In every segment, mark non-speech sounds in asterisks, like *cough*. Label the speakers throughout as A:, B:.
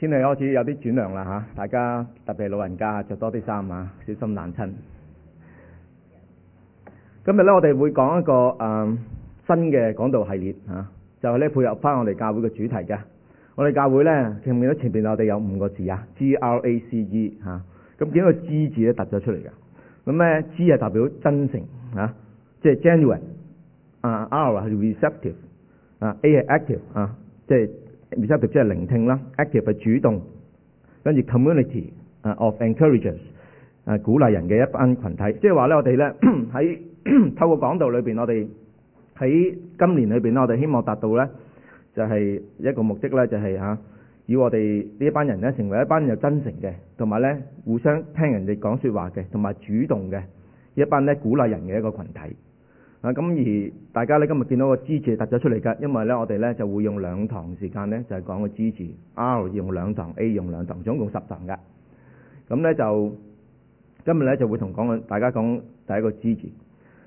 A: 天氣開始有啲轉涼啦嚇，大家特別係老人家着多啲衫啊，小心冷親。今日咧，我哋會講一個誒、嗯、新嘅講道系列嚇、啊，就係、是、咧配合翻我哋教會嘅主題嘅。我哋教會咧見到前邊我哋有五個字 G、R A C E，啊，G R A C E 咁見到個 G 字咧突咗出嚟嘅，咁咧 G 係代表真誠嚇，即係 genuine。啊、就是、genuine，R 係 receptive，啊，A 係 active，啊，即係。receptive 即係聆聽啦，active 係主動，跟住 community 啊，of encouragers 啊，鼓勵人嘅一班群體，即係話咧，我哋咧喺透過講道裏邊，我哋喺今年裏邊咧，我哋希望達到咧就係一個目的咧，就係吓要我哋呢一班人咧成為一班有真誠嘅，同埋咧互相聽人哋講說話嘅，同埋主動嘅一班咧鼓勵人嘅一個群體。啊咁而大家咧今日見到個 G 字突咗出嚟㗎，因為咧我哋咧就會用兩堂時間咧就係、是、講個 G 字，R 用兩堂，A 用兩堂，總共十堂㗎。咁、嗯、咧就今日咧就會同講緊大家講第一個 G 字。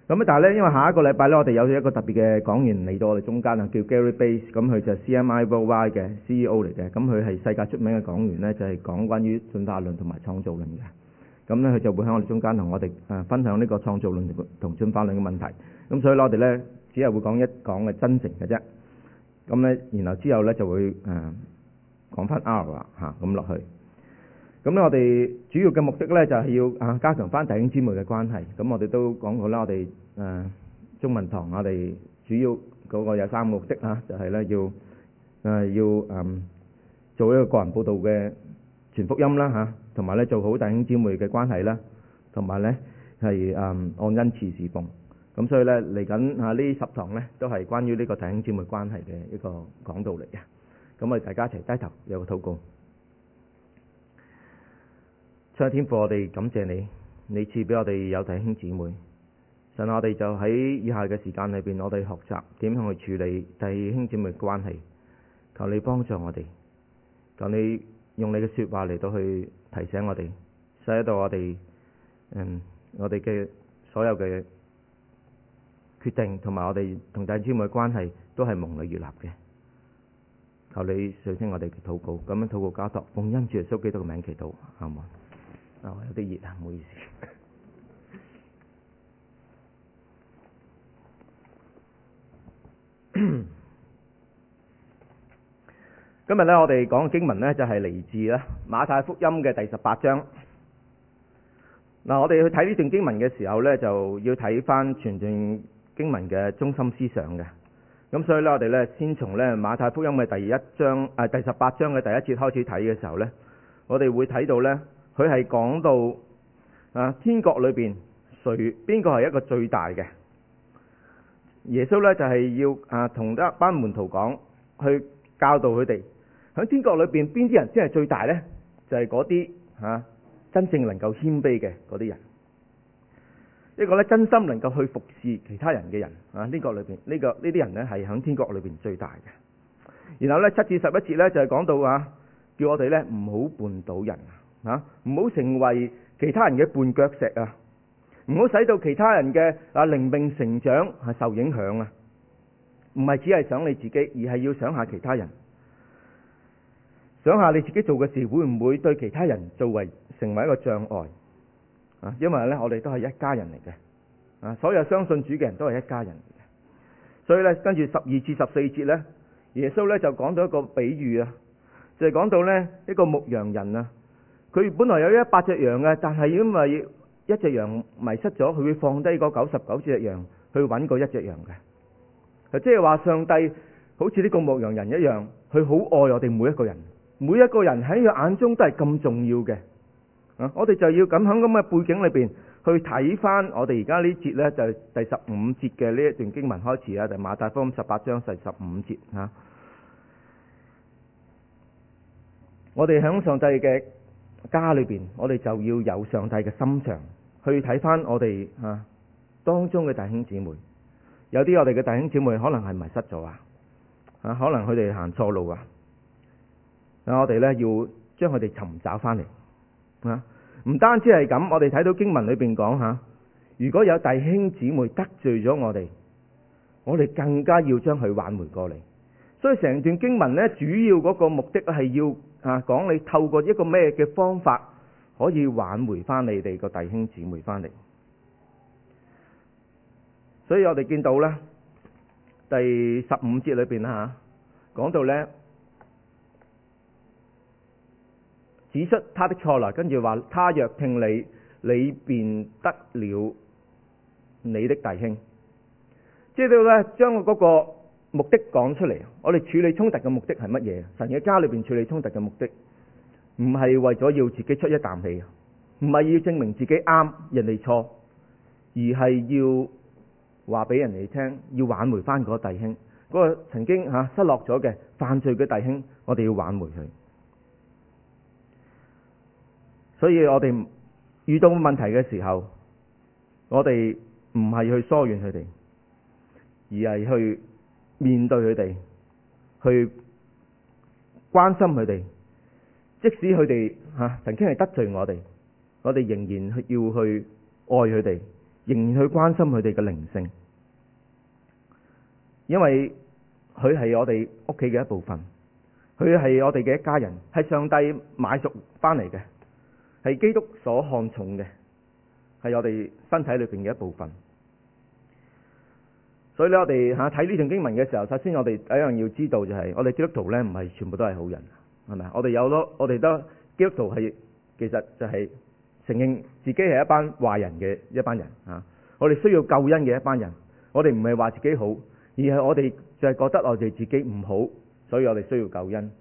A: 咁、嗯、啊但係咧因為下一個禮拜咧我哋有咗一個特別嘅講員嚟到我哋中間啊，叫 Gary Bass，咁、嗯、佢就係 CMI Worldwide 嘅 CEO 嚟嘅，咁佢係世界出名嘅講員咧，就係、是、講關於進化論同埋創造論嘅。咁咧佢就會喺我哋中間同我哋誒、呃、分享呢個創造論同同進化論嘅問題。咁所以我哋咧只係會講一講嘅真誠嘅啫，咁咧然後之後咧就會誒講翻 R 啦嚇，咁落去。咁咧我哋主要嘅目的咧就係要啊加強翻弟兄姊妹嘅關係。咁我哋都講過啦，我哋誒中文堂我哋主要嗰個有三個目的嚇，就係咧要誒要嗯做一個個人報道嘅全福音啦嚇，同埋咧做好弟兄姊妹嘅關係啦，同埋咧係誒按恩賜侍奉。咁所以呢，嚟緊啊，呢十堂呢，都係關於呢個弟兄姊妹關係嘅一個講道嚟嘅。咁我哋大家一齊低頭有個禱告。主天父，我哋感謝你，你賜俾我哋有弟兄姊妹。神我哋就喺以下嘅時間裏邊，我哋學習點樣去處理弟兄姊妹嘅關係。求你幫助我哋，求你用你嘅説話嚟到去提醒我哋，使到我哋、嗯、我哋嘅所有嘅決定同埋我哋同弟兄姊妹嘅關係都係蒙你悅納嘅，求你垂聽我哋嘅禱告，咁樣禱告交託，奉恩主耶穌基督嘅名祈禱，好冇？啊、哦，有啲熱啊，唔好意思。 *coughs* 今日咧，我哋講嘅經文咧，就係、是、嚟自咧馬太福音嘅第十八章。嗱，我哋去睇呢段經文嘅時候咧，就要睇翻全段。經文嘅中心思想嘅，咁所以咧，我哋咧先從咧馬太福音嘅第一章啊第十八章嘅第一節開始睇嘅時候咧，我哋會睇到咧，佢係講到啊天國裏邊誰邊個係一個最大嘅？耶穌咧就係要啊同一班門徒講，去教導佢哋喺天國裏邊邊啲人先係最大咧，就係嗰啲啊真正能夠謙卑嘅嗰啲人。一個咧真心能夠去服侍其他人嘅人啊，呢、這個裏邊、這個這個、呢個呢啲人咧係喺天國裏邊最大嘅。然後咧七至十一節咧就係、是、講到啊，叫我哋咧唔好絆倒人啊，唔好成為其他人嘅絆腳石啊，唔好使到其他人嘅啊靈命成長係受影響啊。唔係只係想你自己，而係要想下其他人，想下你自己做嘅事會唔會對其他人作為成為一個障礙。因為咧，我哋都係一家人嚟嘅，啊，所有相信主嘅人都係一家人嚟嘅，所以咧，跟住十二至十四節咧，耶穌咧就講到一個比喻啊，就係講到咧一個牧羊人啊，佢本來有一百隻羊嘅，但係因為一隻羊迷失咗，佢會放低嗰九十九隻羊去搵嗰一隻羊嘅，即係話上帝好似呢個牧羊人一樣，佢好愛我哋每一個人，每一個人喺佢眼中都係咁重要嘅。我哋就要咁喺咁嘅背景裏邊去睇翻我哋而家呢節呢，就係第十五節嘅呢一段經文開始啊，就馬太福音十八章十五節啊。我哋喺上帝嘅家裏邊，我哋就要有上帝嘅心腸去睇翻我哋啊當中嘅弟兄姊妹，有啲我哋嘅弟兄姊妹可能係迷失咗啊，啊可能佢哋行錯路啊，啊我哋呢，要將佢哋尋找翻嚟啊。唔單止係咁，我哋睇到經文裏邊講吓，如果有弟兄姊妹得罪咗我哋，我哋更加要將佢挽回過嚟。所以成段經文呢，主要嗰個目的係要啊講你透過一個咩嘅方法可以挽回翻你哋個弟兄姊妹翻嚟。所以我哋見到呢，第十五節裏邊啦吓，講到呢。指出他的錯啦，跟住話他若聽你，你便得了你的弟兄。即係點咧？將我嗰個目的講出嚟。我哋處理衝突嘅目的係乜嘢？神嘅家裏邊處理衝突嘅目的，唔係為咗要自己出一啖氣，唔係要證明自己啱，人哋錯，而係要話俾人哋聽，要挽回翻嗰個弟兄，嗰、那個曾經吓失落咗嘅犯罪嘅弟兄，我哋要挽回佢。所以我哋遇到問題嘅時候，我哋唔係去疏遠佢哋，而係去面對佢哋，去關心佢哋。即使佢哋吓曾經係得罪我哋，我哋仍然要去愛佢哋，仍然去關心佢哋嘅靈性，因為佢係我哋屋企嘅一部分，佢係我哋嘅一家人，係上帝買贖翻嚟嘅。係基督所看重嘅，係我哋身體裏邊嘅一部分。所以咧，我哋吓睇呢段經文嘅時候，首先我哋第一樣要知道就係，我哋基督徒咧唔係全部都係好人，係咪啊？我哋有咯，我哋都基督徒係，其實就係承認自己係一班壞人嘅一班人啊！我哋需要救恩嘅一班人，我哋唔係話自己好，而係我哋就係覺得我哋自己唔好，所以我哋需要救恩。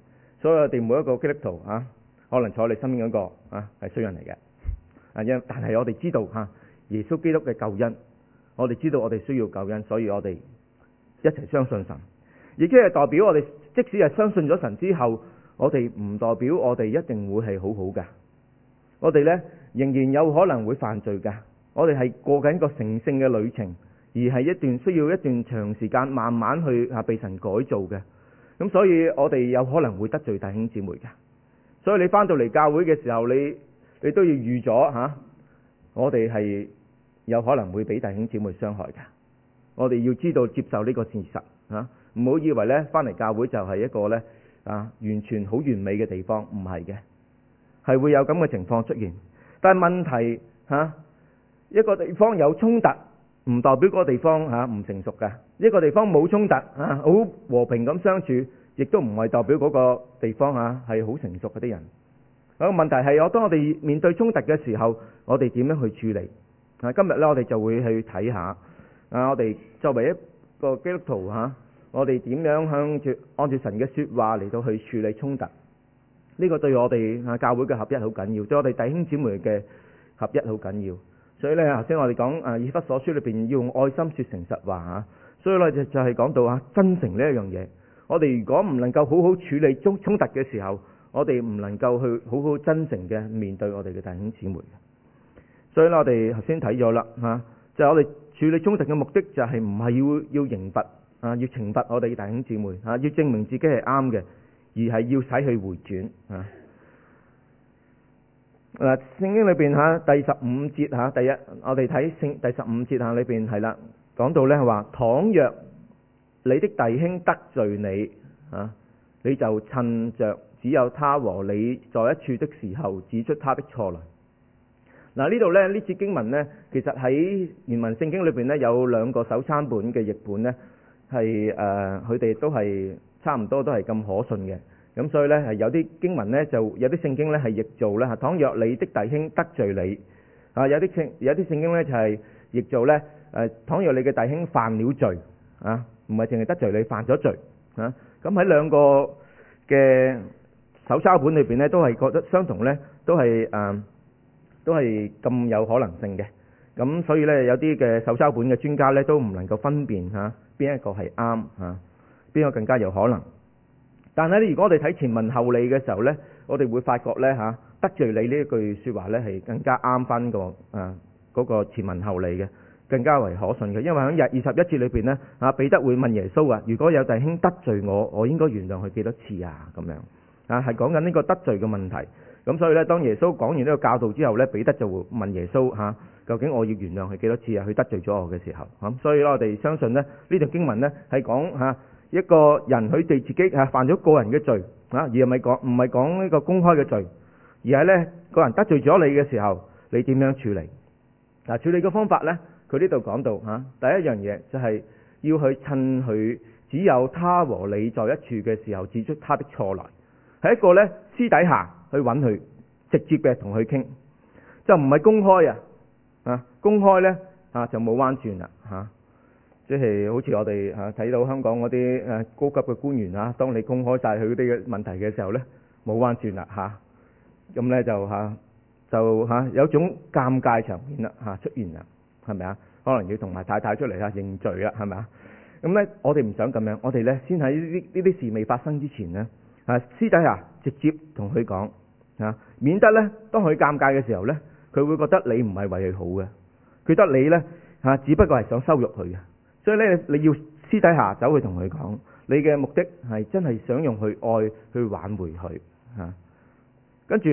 A: 所以我哋每一個基督徒啊。可能坐你身邊嗰個啊係衰人嚟嘅，因但係我哋知道吓耶穌基督嘅救恩，我哋知道我哋需要救恩，所以我哋一齊相信神，亦即係代表我哋即使係相信咗神之後，我哋唔代表我哋一定會係好好噶，我哋呢，仍然有可能會犯罪噶，我哋係過緊個成聖嘅旅程，而係一段需要一段長時間慢慢去啊被神改造嘅，咁所以我哋有可能會得罪弟兄姊妹噶。所以你翻到嚟教會嘅時候，你你都要預咗嚇、啊，我哋係有可能會俾弟兄姊妹傷害噶。我哋要知道接受呢個事實嚇，啊、唔好以為咧翻嚟教會就係一個咧啊完全好完美嘅地方，唔係嘅，係會有咁嘅情況出現。但係問題嚇、啊，一個地方有衝突唔代表嗰個地方嚇啊、唔成熟噶，一個地方冇衝突啊好和平咁相處。亦都唔係代表嗰個地方嚇係好成熟嗰啲人。嗰個問題係我當我哋面對衝突嘅時候，我哋點樣去處理？啊，今日呢，我哋就會去睇下啊！我哋作為一個基督徒嚇、啊，我哋點樣向住按照神嘅説話嚟到去處理衝突？呢、呢個對我哋啊教會嘅合一好緊要，對我哋弟兄姊妹嘅合一好緊要。所以呢，頭先我哋講啊，以弗所書裏邊要用愛心説誠實話嚇、啊，所以呢，就就係講到啊，真誠呢一樣嘢。我哋如果唔能夠好好處理衝衝突嘅時候，我哋唔能夠去好好真誠嘅面對我哋嘅弟兄姊妹。所以啦，我哋頭先睇咗啦，吓，就係、是、我哋處理衝突嘅目的就係唔係要要刑罰啊，要懲罰我哋嘅弟兄姊妹啊，要證明自己係啱嘅，而係要使佢回轉啊。嗱，聖經裏邊吓第十五節吓，第一我哋睇聖第十五節吓裏邊係啦，講到咧係話，倘若。你的弟兄得罪你啊，你就趁着只有他和你在一處的時候，指出他的錯來。嗱，呢度咧呢節經文咧，其實喺原文聖經裏邊咧有兩個手抄本嘅譯本咧，係誒佢哋都係差唔多都係咁可信嘅。咁所以咧，係有啲經文咧就有啲聖經咧係譯做咧，倘若你的弟兄得罪你啊，有啲聖有啲聖經咧就係譯做咧誒，倘若你嘅弟兄犯了罪啊。唔係淨係得罪你犯咗罪啊！咁喺兩個嘅手抄本裏邊咧，都係覺得相同咧，都係誒、啊，都係咁有可能性嘅。咁所以咧，有啲嘅手抄本嘅專家咧，都唔能夠分辨嚇邊、啊、一個係啱嚇，邊、啊、個更加有可能。但係咧，如果我哋睇前文後理嘅時候咧，我哋會發覺咧嚇、啊、得罪你呢一句説話咧係更加啱翻個誒嗰個前文後理嘅。更加為可信嘅，因為喺第二十一節裏邊咧，啊彼得會問耶穌啊：如果有弟兄得罪我，我應該原諒佢幾多次啊？咁樣啊，係講緊呢個得罪嘅問題。咁所以咧，當耶穌講完呢個教導之後咧，彼得就會問耶穌：嚇，究竟我要原諒佢幾多次啊？佢得罪咗我嘅時候咁。所以咧，我哋相信咧，呢段經文咧係講嚇一個人佢哋自己嚇犯咗個人嘅罪啊，而唔係講唔係講呢個公開嘅罪，而係咧個人得罪咗你嘅時候，你點樣處理嗱？處理嘅方法咧？佢呢度講到嚇、啊，第一樣嘢就係要去趁佢只有他和你在一處嘅時候指出他的錯來，係一個呢私底下去揾佢，直接嘅同佢傾，就唔係公開啊啊！公開呢，啊就冇彎轉啦嚇，即、啊、係、就是、好似我哋嚇睇到香港嗰啲誒高級嘅官員啊，當你公開晒佢啲嘅問題嘅時候呢，冇彎轉啦嚇，咁、啊、呢、啊，就嚇就嚇有種尷尬場面啦嚇、啊、出現啦。係咪啊？可能要同埋太太出嚟啦，認罪啦，係咪啊？咁呢，我哋唔想咁樣，我哋呢，先喺呢啲事未發生之前呢，啊私底下直接同佢講啊，免得呢，當佢尷尬嘅時候呢，佢會覺得你唔係為佢好嘅，佢得你呢，啊，只不過係想羞辱佢嘅，所以呢，你要私底下走去同佢講，你嘅目的係真係想用佢愛去挽回佢啊。跟住，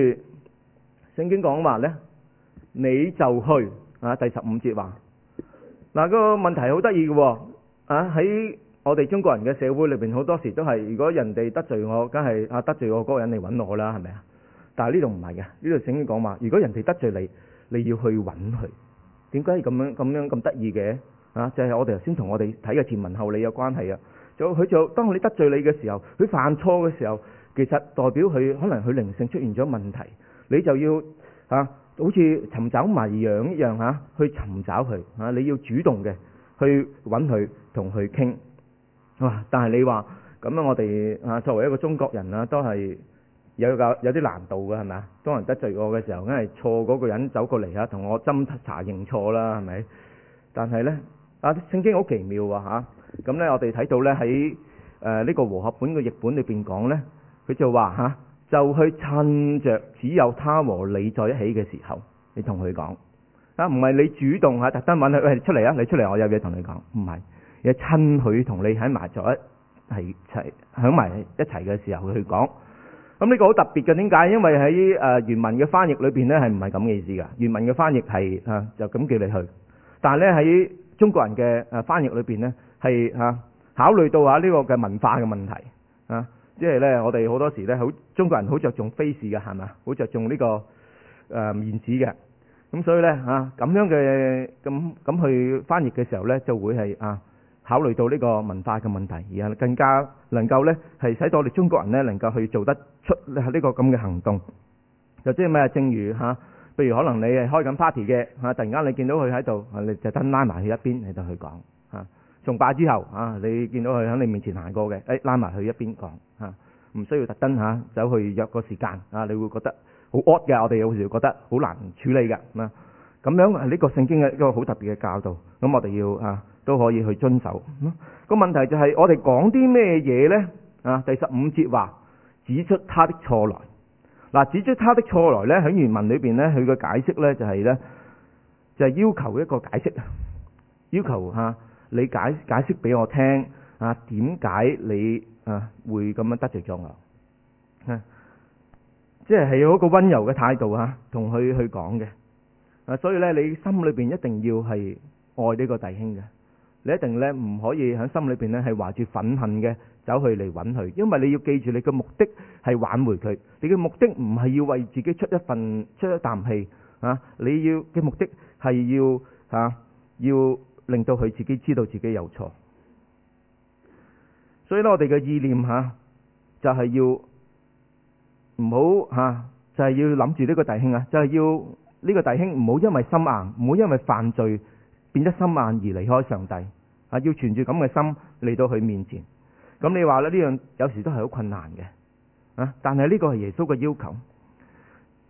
A: 聖經講話呢，你就去。啊！第十五節話嗱，嗰個問題好得意嘅喎，啊喺我哋中國人嘅社會裏邊，好多時都係，如果人哋得罪我，梗係啊得罪我嗰個人嚟搵我啦，係咪啊？但係呢度唔係嘅，呢度請講話，如果人哋得罪你，你要去搵佢。點解咁樣咁樣咁得意嘅？啊，就係、是、我哋頭先同我哋睇嘅前文後理有關係啊。就佢就當你得罪你嘅時候，佢犯錯嘅時候，其實代表佢可能佢靈性出現咗問題，你就要啊。好似尋找迷羊一樣嚇，去尋找佢嚇，你要主動嘅去揾佢同佢傾啊！但係你話咁啊，我哋啊作為一個中國人啦，都係有有啲難度嘅係咪啊？當人得罪我嘅時候，梗係錯嗰個人走過嚟嚇，同我斟茶認錯啦，係咪？但係呢，啊聖經好奇妙啊咁呢、啊嗯啊嗯，我哋睇到呢，喺誒呢個和合本嘅譯本裏邊講呢，佢就話吓。啊」就去趁着，只有他和你在一起嘅時候，你同佢講啊，唔係你主動吓，特登問佢喂，出嚟，啊，你出嚟，我有嘢同你講。唔係，就是，趁你趁佢同你喺埋在一系齊響埋一齊嘅時候去講。咁、啊、呢、這個好特別嘅，點解？因為喺誒、呃、原文嘅翻譯裏邊呢，係唔係咁嘅意思噶？原文嘅翻譯係吓、啊、就咁叫你去，但係呢，喺中國人嘅誒翻譯裏邊呢，係吓、啊、考慮到啊呢、這個嘅文化嘅問題啊。即係咧，我哋好多時咧，好中國人好着重 face 嘅，係嘛？好着重呢、呢個誒、呃、面子嘅。咁所以咧嚇，咁樣嘅咁咁去翻譯嘅時候咧，就會係啊考慮到呢個文化嘅問題，而係更加能夠咧係使到我哋中國人咧能夠去做得出呢、呢個咁嘅行動。就即係咩？正如嚇，譬、啊、如可能你係開緊 party 嘅嚇，突然間你見到佢喺度，你就等拉埋去一邊，你就去講嚇。啊從崇拜之後啊，你見到佢喺你面前行過嘅，誒、哎、拉埋佢一邊講嚇，唔、啊、需要特登嚇、啊、走去約個時間啊！你會覺得好惡嘅，我哋有時覺得好難處理嘅咁啊。咁樣呢、呢個聖經嘅一個好特別嘅教導，咁我哋要嚇、啊、都可以去遵守。咁、啊、問題就係我哋講啲咩嘢呢？啊，第十五節話指出他的錯來。嗱、啊，指出他的錯來呢。喺原文裏邊呢，佢嘅解釋呢就係咧，就係、是就是、要求一個解釋，要求嚇。啊你解解釋俾我聽啊？點解你啊會咁樣得罪咗我？啊，即係係一個溫柔嘅態度啊，同佢去講嘅啊。所以咧，你心裏邊一定要係愛呢個弟兄嘅。你一定咧唔可以喺心裏邊咧係懷住憤恨嘅走去嚟搵佢，因為你要記住你嘅目的係挽回佢。你嘅目的唔係要為自己出一份、出一啖氣啊！你要嘅目的係要啊，要。令到佢自己知道自己有錯，所以呢，我哋嘅意念吓就係要唔好吓，就係要諗住呢個弟兄啊，就係要呢個弟兄唔好因為心硬，唔好因為犯罪變得心硬而離開上帝啊，要存住咁嘅心嚟到佢面前。咁你話咧，呢樣有時都係好困難嘅啊，但係呢個係耶穌嘅要求。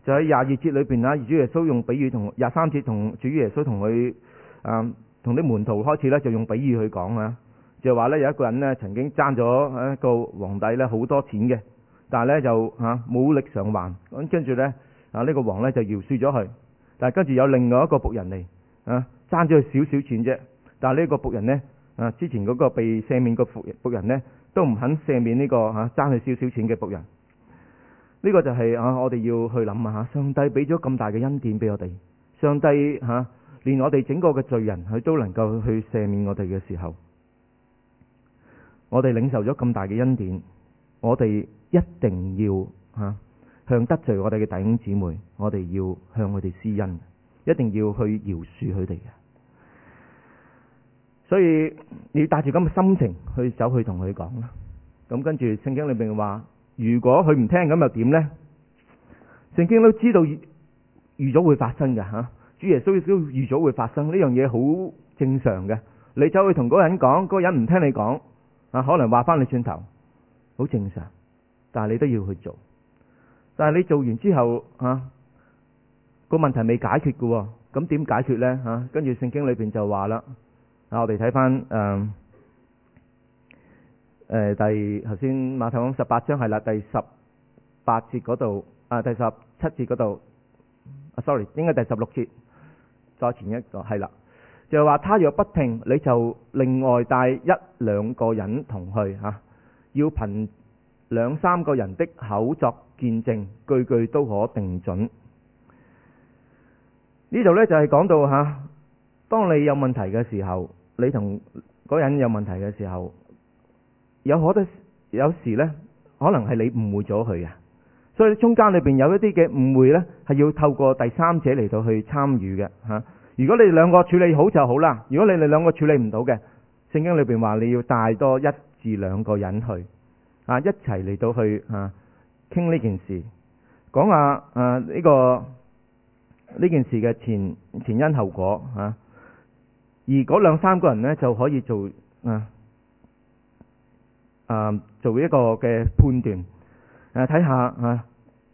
A: 就喺廿二節裏邊啦，主耶穌用比喻同廿三節同主耶穌同佢啊。同啲門徒開始咧就用比喻去講啊，就係話咧有一個人咧曾經爭咗一個皇帝咧好多錢嘅，但係咧就啊冇力償還，咁跟住咧啊呢個王咧就饒恕咗佢，但係跟住有另外一個僕人嚟啊爭咗佢少少錢啫，但係呢個僕人咧啊之前嗰個被赦免個僕僕人咧都唔肯赦免呢個啊爭佢少少錢嘅僕人。呢、這個就係啊我哋要去諗下，上帝俾咗咁大嘅恩典俾我哋，上帝吓。啊連我哋整個嘅罪人，佢都能夠去赦免我哋嘅時候，我哋領受咗咁大嘅恩典，我哋一定要吓、啊、向得罪我哋嘅弟兄姊妹，我哋要向佢哋施恩，一定要去饒恕佢哋嘅。所以你要帶住咁嘅心情去走去同佢講啦。咁跟住聖經裏邊話，如果佢唔聽咁又點呢？聖經都知道預咗會發生嘅吓。啊主耶穌都預早會發生呢樣嘢，好正常嘅。你走去同嗰個人講，嗰、那個人唔聽你講，啊，可能話翻你轉頭，好正常。但係你都要去做。但係你做完之後，啊，個問題未解決嘅，咁點解決呢？吓、啊，跟住聖經裏邊就話啦，啊，我哋睇翻誒，誒、嗯呃，第頭先馬太講十八章係啦，第十八節嗰度，啊，第十七節嗰度，啊，sorry，應該第十六節。再前一個係啦，就係、是、話他若不聽，你就另外帶一兩個人同去嚇、啊，要憑兩三個人的口作見證，句句都可定準。呢度呢，就係、是、講到嚇、啊，當你有問題嘅時候，你同嗰人有問題嘅時候，有好多有時呢，可能係你誤會咗佢啊。所以中間裏邊有一啲嘅誤會呢，係要透過第三者嚟到去參與嘅吓、啊。如果你哋兩個處理好就好啦。如果你哋兩個處理唔到嘅，聖經裏邊話你要帶多一至兩個人去啊，一齊嚟到去啊，傾呢件事，講下誒呢、啊呢個呢件事嘅前前因後果啊。而嗰兩三個人呢，就可以做啊啊做一個嘅判斷。誒，睇下吓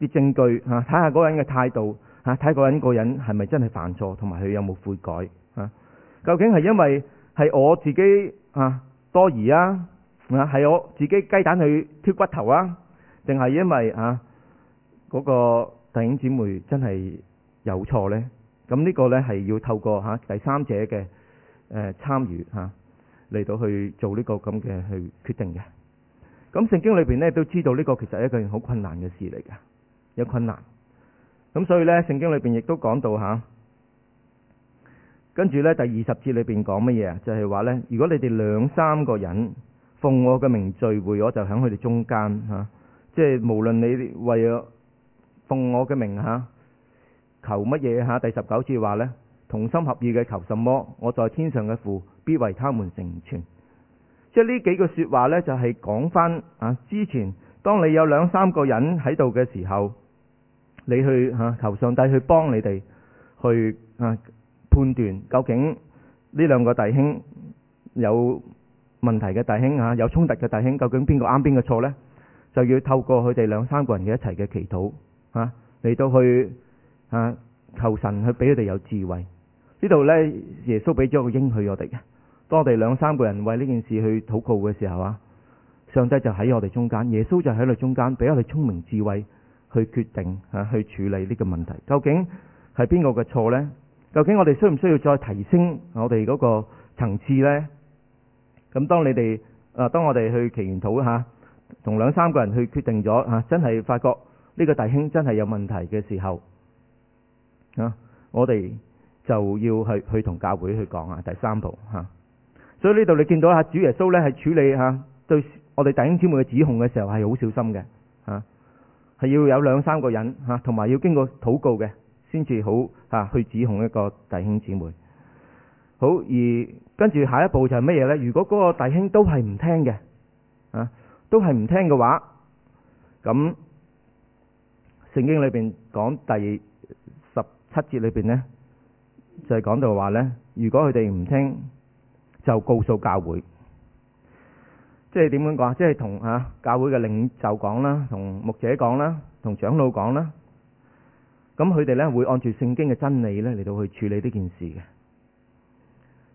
A: 啲證據吓，睇下嗰人嘅態度吓，睇、啊、嗰人嗰人係咪真係犯錯，同埋佢有冇悔改吓、啊？究竟係因為係我自己吓、啊、多疑啊，啊係我自己雞蛋去挑骨頭啊，定係因為吓嗰、啊嗰個弟兄姊妹真係有錯呢？咁呢個呢，係要透過吓、啊、第三者嘅誒、呃、參與吓嚟、啊、到去做呢個咁嘅去決定嘅。咁聖經裏邊咧都知道呢個其實係一件好困難嘅事嚟㗎，有困難。咁所以呢，聖經裏邊亦都講到嚇，跟、啊、住呢，第二十節裏邊講乜嘢啊？就係、是、話呢，如果你哋兩三個人奉我嘅名聚會，我就喺佢哋中間嚇、啊。即係無論你為咗奉我嘅名嚇、啊、求乜嘢嚇，第十九節話呢，同心合意嘅求什麼，我在天上嘅父必為他們成全。即係呢幾句說話呢，就係講翻啊！之前當你有兩三個人喺度嘅時候，你去吓、啊、求上帝去幫你哋去啊判斷究竟呢兩個弟兄、啊、有問題嘅弟兄啊，有衝突嘅弟兄，究竟邊個啱邊個錯呢？就要透過佢哋兩三個人嘅一齊嘅祈禱吓，嚟、啊、到去啊求神去俾佢哋有智慧。呢度呢，耶穌俾咗個應許我哋嘅。當我哋兩三個人為呢件事去禱告嘅時候啊，上帝就喺我哋中間，耶穌就喺我哋中間，俾我哋聰明智慧去決定啊，去處理呢個問題。究竟係邊個嘅錯呢？究竟我哋需唔需要再提升我哋嗰個層次呢？咁當你哋啊，當我哋去祈願禱下，同、啊、兩三個人去決定咗啊，真係發覺呢個弟兄真係有問題嘅時候啊，我哋就要去去同教會去講啊，第三步吓。啊所以呢度你見到啊，主耶穌咧，係處理吓對我哋弟兄姊妹嘅指控嘅時候，係好小心嘅吓，係要有兩三個人吓，同埋要經過禱告嘅先至好吓、啊、去指控一個弟兄姊妹好，而跟住下一步就係乜嘢呢？如果嗰個弟兄都係唔聽嘅啊，都係唔聽嘅話，咁聖經裏邊講第十七節裏邊呢，就係、是、講到話呢：如果佢哋唔聽。就告訴教會，即係點樣講？即係同吓教會嘅領袖講啦，同牧者講啦，同長老講啦。咁佢哋呢會按住聖經嘅真理呢嚟到去處理呢件事嘅，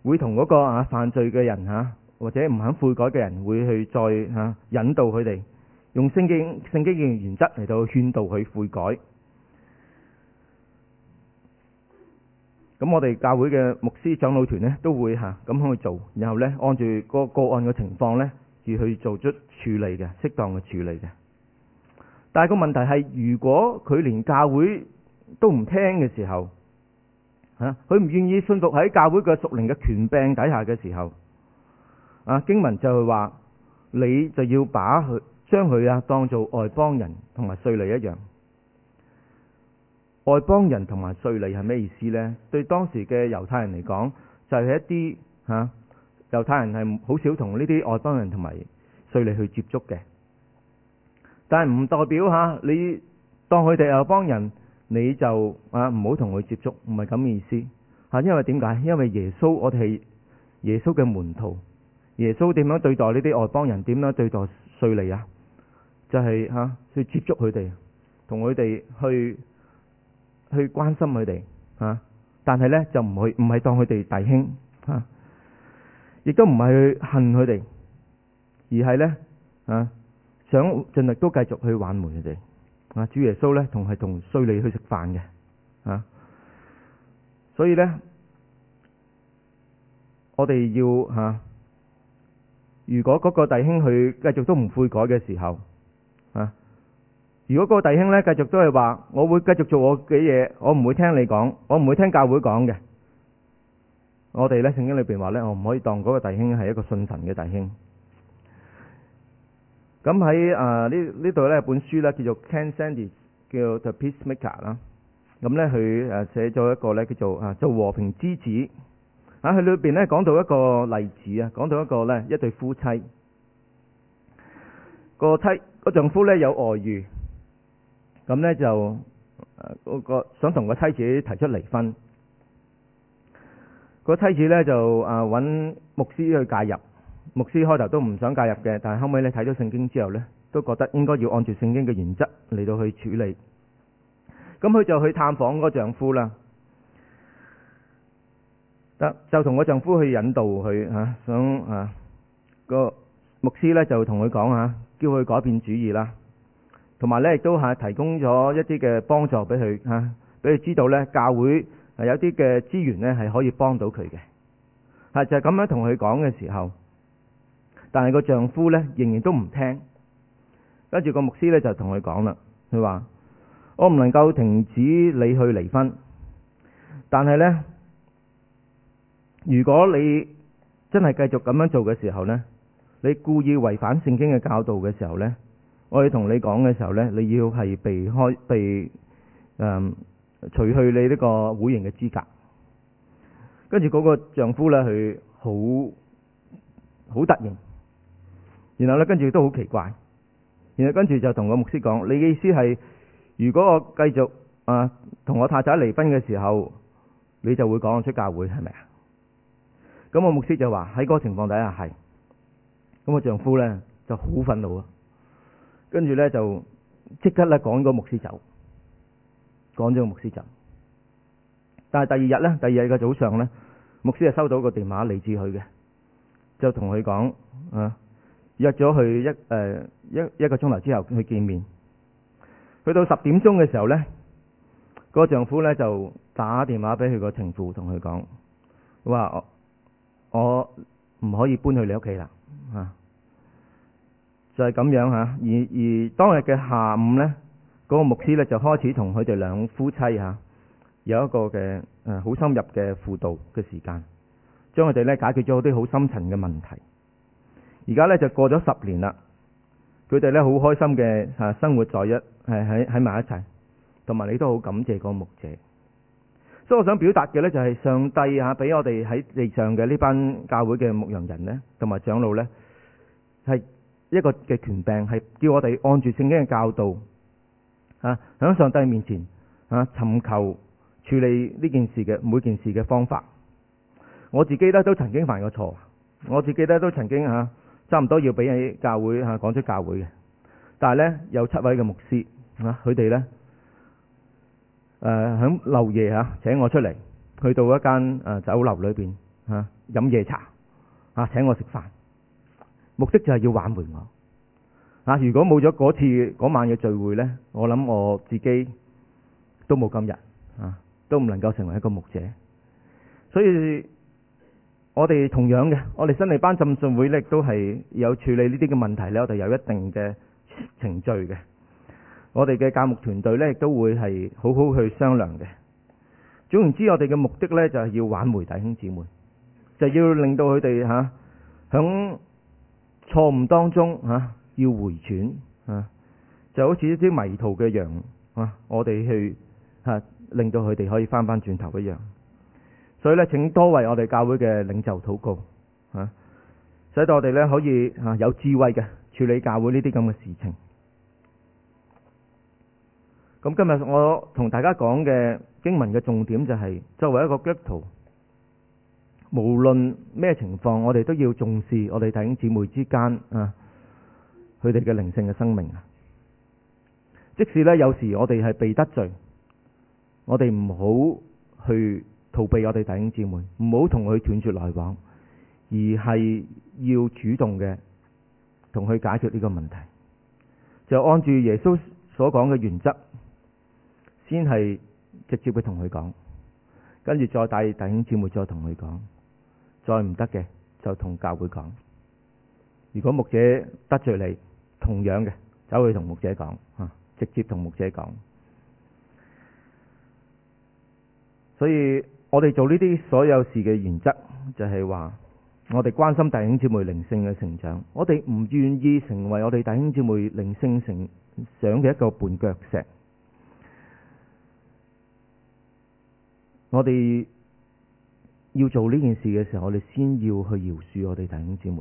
A: 會同嗰個啊犯罪嘅人啊或者唔肯悔改嘅人，會去再吓引導佢哋，用聖經聖經嘅原則嚟到勸導佢悔改。咁我哋教會嘅牧師長老團呢，都會嚇咁去做，然後呢，按住個個案嘅情況呢，而去做出處理嘅適當嘅處理嘅。但係個問題係，如果佢連教會都唔聽嘅時候，嚇佢唔願意信服喺教會嘅屬靈嘅權柄底下嘅時候，啊經文就係話：你就要把佢將佢啊當做外邦人同埋稅吏一樣。外邦人同埋稅吏係咩意思呢？對當時嘅猶太人嚟講，就係、是、一啲吓、啊、猶太人係好少同呢啲外邦人同埋稅吏去接觸嘅。但係唔代表吓、啊、你當佢哋係外邦人，你就啊唔好同佢接觸，唔係咁嘅意思吓、啊。因為點解？因為耶穌我哋係耶穌嘅門徒，耶穌點樣對待呢啲外邦人？點樣對待稅吏，就是、啊？就係吓去接觸佢哋，同佢哋去。去關心佢哋啊，但係咧就唔去，唔係當佢哋弟兄啊，亦都唔係去恨佢哋，而係咧啊，想盡力都繼續去挽回佢哋啊。主耶穌咧同係同稅吏去食飯嘅啊，所以咧我哋要吓、啊，如果嗰個弟兄佢繼續都唔悔改嘅時候啊。如果嗰個弟兄咧繼續都係話，我會繼續做我嘅嘢，我唔會聽你講，我唔會聽教會講嘅。我哋咧聖經裏邊話咧，我唔可以當嗰個弟兄係一個信神嘅弟兄。咁喺啊呢呢度咧本書咧叫做 Ken Sande，叫做《The Peacemaker》啊啦，嗯。咁咧佢誒寫咗一個咧叫做啊做和平之子啊。佢裏邊咧講到一個例子啊，講到一個咧一對夫妻，個妻個丈夫咧有外遇。咁呢，就嗰個想同個妻子提出離婚，個妻子呢，就揾牧師去介入，牧師開頭都唔想介入嘅，但係後尾你睇咗聖經之後呢，都覺得應該要按照聖經嘅原則嚟到去處理，咁佢就去探訪個丈夫啦，就同個丈夫去引導佢吓，想啊、嗰個牧師呢，就同佢講吓，叫佢改變主意啦。同埋咧，亦都係提供咗一啲嘅幫助俾佢嚇，俾、啊、佢知道咧教會有啲嘅資源咧係可以幫到佢嘅嚇，就係、是、咁樣同佢講嘅時候，但係個丈夫咧仍然都唔聽，跟住個牧師咧就同佢講啦，佢話我唔能夠停止你去離婚，但係咧如果你真係繼續咁樣做嘅時候咧，你故意違反聖經嘅教導嘅時候咧。我哋同你講嘅時候呢，你要係避開被、嗯、除去你呢個會員嘅資格。跟住嗰個丈夫呢，佢好好突然，然後呢，跟住都好奇怪，然後跟住就同個牧師講：你嘅意思係如果我繼續啊同我太太離婚嘅時候，你就會趕我出教會，係咪啊？咁我牧師就話喺嗰個情況底下係。咁個丈夫呢，就好憤怒啊！跟住咧就即刻咧趕個牧師走，趕咗個牧師走。但係第二日咧，第二日嘅早上咧，牧師係收到個電話嚟自佢嘅，就同佢講啊，約咗佢一誒、呃、一一個鐘頭之後去見面。去到十點鐘嘅時候咧，個丈夫咧就打電話俾佢個情婦同佢講，話我我唔可以搬去你屋企啦，啊！就係咁樣嚇，而而當日嘅下午呢，嗰個牧師呢，就開始同佢哋兩夫妻嚇有一個嘅誒好深入嘅輔導嘅時間，將佢哋呢解決咗啲好深層嘅問題。而家呢，就過咗十年啦，佢哋呢好開心嘅嚇生活在一係喺喺埋一齊，同埋你都好感謝嗰個牧者。所以我想表達嘅呢，就係上帝嚇俾我哋喺地上嘅呢班教會嘅牧羊人呢，同埋長老呢。係。一個嘅權柄係叫我哋按住聖經嘅教導，啊響上帝面前啊尋求處理呢件事嘅每件事嘅方法。我自己咧都曾經犯過錯，我自己咧都曾經啊差唔多要俾人教會啊講出教會嘅，但係咧有七位嘅牧師啊，佢哋咧誒響漏夜啊請我出嚟，去到一間誒酒樓裏邊啊飲夜茶啊請我食飯。目的就係要挽回我啊！如果冇咗嗰次嗰晚嘅聚會呢，我諗我自己都冇今日啊，都唔能夠成為一個牧者。所以，我哋同樣嘅，我哋新嚟，班浸信會咧，都係有處理呢啲嘅問題呢，我哋有一定嘅程序嘅。我哋嘅教牧團隊呢，亦都會係好好去商量嘅。總言之，我哋嘅目的呢，就係要挽回弟兄姊妹，就要令到佢哋吓響。啊錯誤當中吓、啊、要回轉啊，就好似一啲迷途嘅羊啊，我哋去吓、啊、令到佢哋可以翻翻轉頭一樣。所以咧，請多為我哋教會嘅領袖禱告啊，使到我哋咧可以吓、啊、有智慧嘅處理教會呢啲咁嘅事情。咁、嗯、今日我同大家講嘅經文嘅重點就係、是、作為一個基督徒。無論咩情況，我哋都要重視我哋弟兄姊妹之間啊，佢哋嘅靈性嘅生命啊。即使呢有時我哋係被得罪，我哋唔好去逃避我哋弟兄姊妹，唔好同佢斷絕來往，而係要主動嘅同佢解決呢個問題。就按住耶穌所講嘅原則，先係直接去同佢講，跟住再帶弟兄姊妹再同佢講。再唔得嘅，就同教會講。如果牧者得罪你，同樣嘅，走去同牧者講，吓，直接同牧者講。所以我哋做呢啲所有事嘅原則，就係話我哋關心弟兄姊妹靈性嘅成長，我哋唔願意成為我哋弟兄姊妹靈性成長嘅一個絆腳石。我哋。要做呢件事嘅時候，我哋先要去饒恕我哋弟兄姊妹。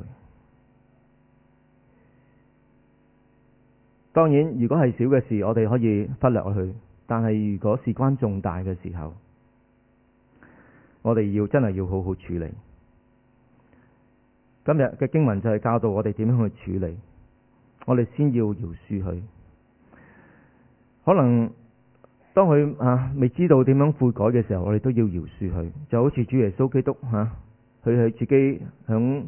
A: 當然，如果係小嘅事，我哋可以忽略佢。但係如果事關重大嘅時候，我哋要真係要好好處理。今日嘅經文就係教導我哋點樣去處理。我哋先要饒恕佢，可能。當佢啊未知道點樣悔改嘅時候，我哋都要饒恕佢。就好似主耶穌基督吓，佢、啊、係自己響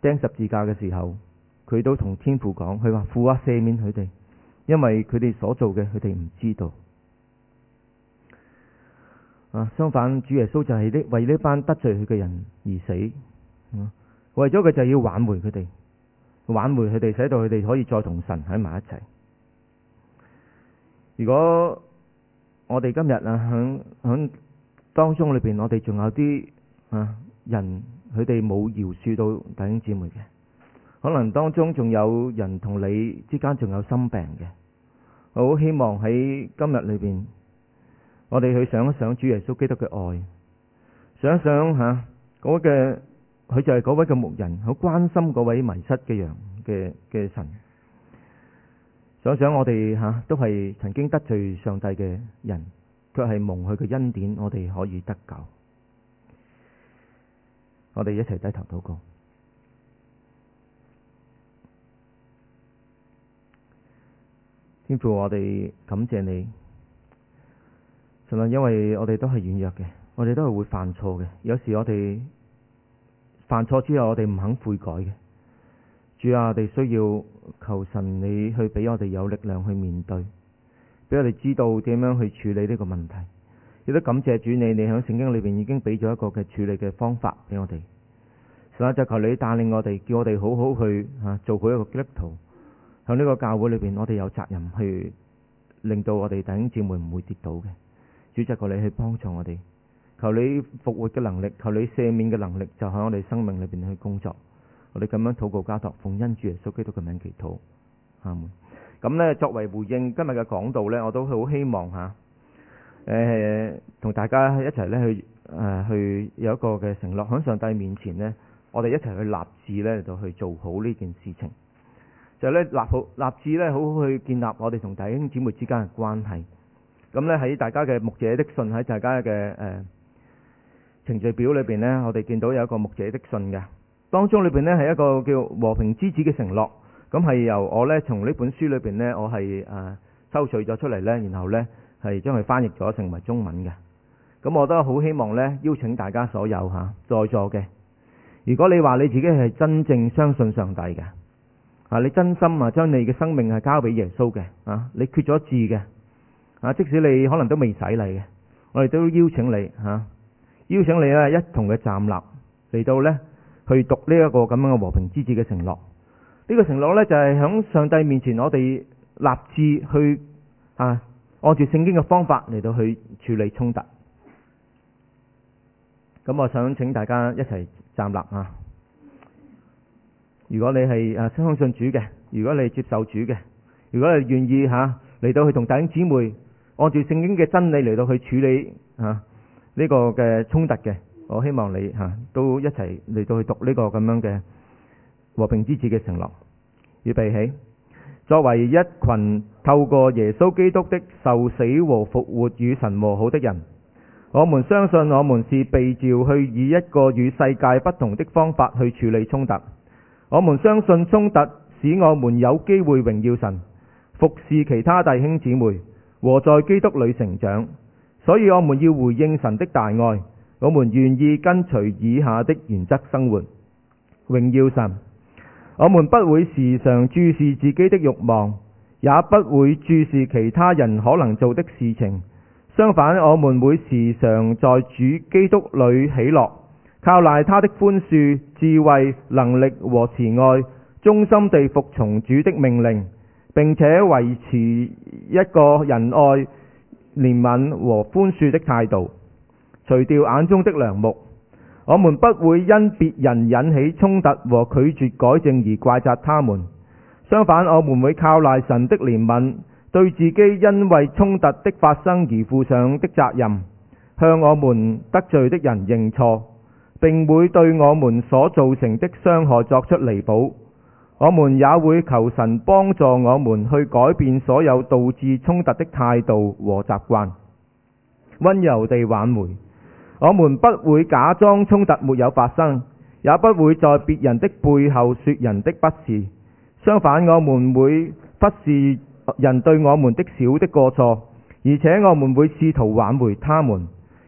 A: 釘十字架嘅時候，佢都同天父講，佢話父啊赦免佢哋，因為佢哋所做嘅佢哋唔知道。啊，相反，主耶穌就係呢為呢班得罪佢嘅人而死，啊、為咗佢就要挽回佢哋，挽回佢哋，使到佢哋可以再同神喺埋一齊。如果我哋今日啊，響響當中裏邊，我哋仲有啲啊人，佢哋冇饒恕到弟兄姊妹嘅，可能當中仲有人同你之間仲有心病嘅。我好希望喺今日裏邊，我哋去想一想主耶穌基督嘅愛，想一想吓嗰嘅，佢、啊、就係嗰位嘅牧人，好關心嗰位迷失嘅羊嘅嘅神。想想我哋吓、啊，都係曾經得罪上帝嘅人，卻係蒙佢嘅恩典，我哋可以得救。我哋一齊低頭禱告，天父，我哋感謝你，神啊！因為我哋都係軟弱嘅，我哋都係會犯錯嘅，有時我哋犯錯之後，我哋唔肯悔改嘅。主啊，我哋需要。求神你去俾我哋有力量去面對，俾我哋知道點樣去處理呢個問題。亦都感謝主你，你響聖經裏邊已經俾咗一個嘅處理嘅方法俾我哋。神啊，就求你帶領我哋，叫我哋好好去吓、啊、做好一個基督徒。響呢個教會裏邊，我哋有責任去令到我哋弟兄姊妹唔會跌倒嘅。主就求你去幫助我哋，求你復活嘅能力，求你赦免嘅能力，就喺我哋生命裏邊去工作。我哋咁樣禱告交託，奉恩主耶穌基督嘅名祈禱，阿門。咁呢，作為回應今日嘅講道呢，我都好希望吓，誒、啊、同大家一齊咧去誒、啊、去有一個嘅承諾喺上帝面前呢，我哋一齊去立志呢，就去做好呢件事情。就咧立好立志呢，好好去建立我哋同弟兄姊妹之間嘅關係。咁呢，喺大家嘅牧者的信喺大家嘅誒、呃、程序表裏邊呢，我哋見到有一個牧者的信嘅。當中裏邊咧係一個叫和平之子嘅承諾，咁係由我呢。從呢本書裏邊呢，我係誒抽取咗出嚟呢，然後呢係將佢翻譯咗成為中文嘅。咁我都好希望呢邀請大家所有吓、啊、在座嘅，如果你話你自己係真正相信上帝嘅啊，你真心啊將你嘅生命係交俾耶穌嘅啊，你決咗志嘅啊，即使你可能都未使你嘅，我哋都邀請你吓、啊，邀請你咧一同嘅站立嚟到呢。去讀呢一個咁樣嘅和平之子嘅承諾，呢、這個承諾呢，就係、是、響上帝面前，我哋立志去啊，按照聖經嘅方法嚟到去處理衝突。咁、嗯、我想請大家一齊站立啊！如果你係啊相信主嘅，如果你接受主嘅，如果你願意吓嚟、啊、到去同弟兄姊妹按住聖經嘅真理嚟到去處理啊呢、這個嘅衝突嘅。我希望你吓都一齊嚟到去讀呢個咁樣嘅和平之子嘅承諾，預備起。作為一群透過耶穌基督的受死和復活與神和好的人，我們相信我們是被召去以一個與世界不同的方法去處理衝突。我們相信衝突使我們有機會榮耀神、服侍其他弟兄姊妹和在基督裏成長。所以我們要回應神的大愛。我們願意跟隨以下的原則生活，榮耀神。我們不會時常注視自己的欲望，也不會注視其他人可能做的事情。相反，我們會時常在主基督裏喜樂，靠賴他的寬恕、智慧、能力和慈愛，忠心地服從主的命令，並且維持一個仁愛、憐憫和寬恕的態度。除掉眼中的梁木，我們不會因別人引起衝突和拒絕改正而怪責他們。相反，我們會靠賴神的憐憫，對自己因為衝突的發生而負上的責任，向我們得罪的人認錯，並會對我們所造成的傷害作出彌補。我們也會求神幫助我們去改變所有導致衝突的態度和習慣，溫柔地挽回。我們不會假裝衝突沒有發生，也不會在別人的背後說人的不是。相反，我們會忽視人對我們的小的過錯，而且我們會試圖挽回他們，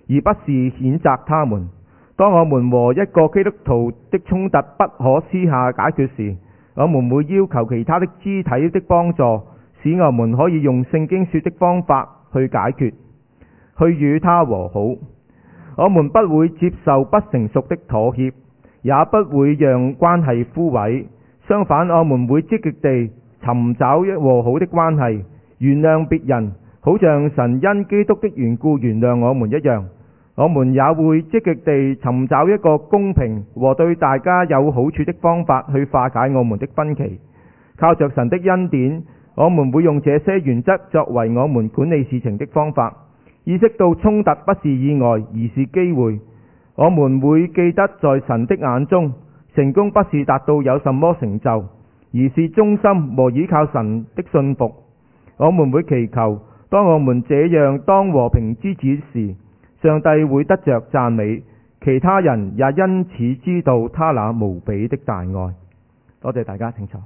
A: 而不是譴責他們。當我們和一個基督徒的衝突不可私下解決時，我們會要求其他的肢體的幫助，使我們可以用聖經說的方法去解決，去與他和好。我們不會接受不成熟的妥協，也不會讓關係枯萎。相反，我們會積極地尋找一和好的關係，原諒別人，好像神因基督的緣故原諒我們一樣。我們也會積極地尋找一個公平和對大家有好處的方法去化解我們的分歧。靠着神的恩典，我們會用這些原則作為我們管理事情的方法。意識到衝突不是意外，而是機會。我們會記得，在神的眼中，成功不是達到有什麼成就，而是忠心和依靠神的信服。我們會祈求，當我們這樣當和平之子時，上帝會得着讚美，其他人也因此知道他那無比的大愛。多謝大家，請坐。